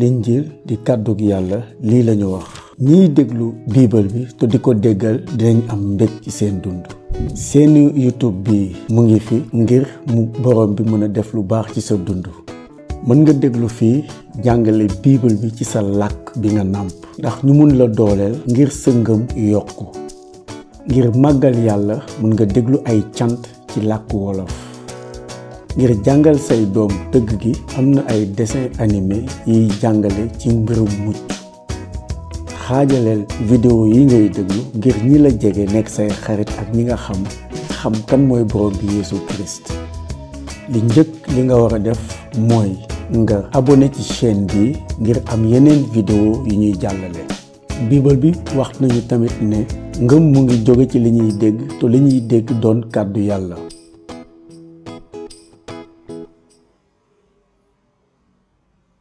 linjiil di kàddug yàlla lii lañu wax ñiy déglu biibal bi te di ko déggal dinañ am mbég ci seen dund seeni youtube bi mu ngi fi ngir mu borom bi mën a def lu baax ci sa dund mën nga déglu fii jàngale biibal bi ci sa làkk bi nga nàmp ndax ñu mun la dooleel ngir sa ngëm yokku ngir màggal yàlla mën nga déglu ay cant ci làkk wolof ngir jàngal say doom tëgg gi am na ay dessin anime yiy jàngale ci mbirum mucc xaajaleel vidéo yi ngay déglu ngir ñi la jege nekk say xarit ak ñi nga xam xam kan mooy borom bi Yeesu Christ li njëkk li nga war a def mooy nga abonné ci chaîne bi ngir am yeneen vidéo yi ñuy jàllale biibal bi wax nañu tamit ne ngëm mu ngi jóge ci li ñuy dégg te li ñuy dégg doon kàddu yàlla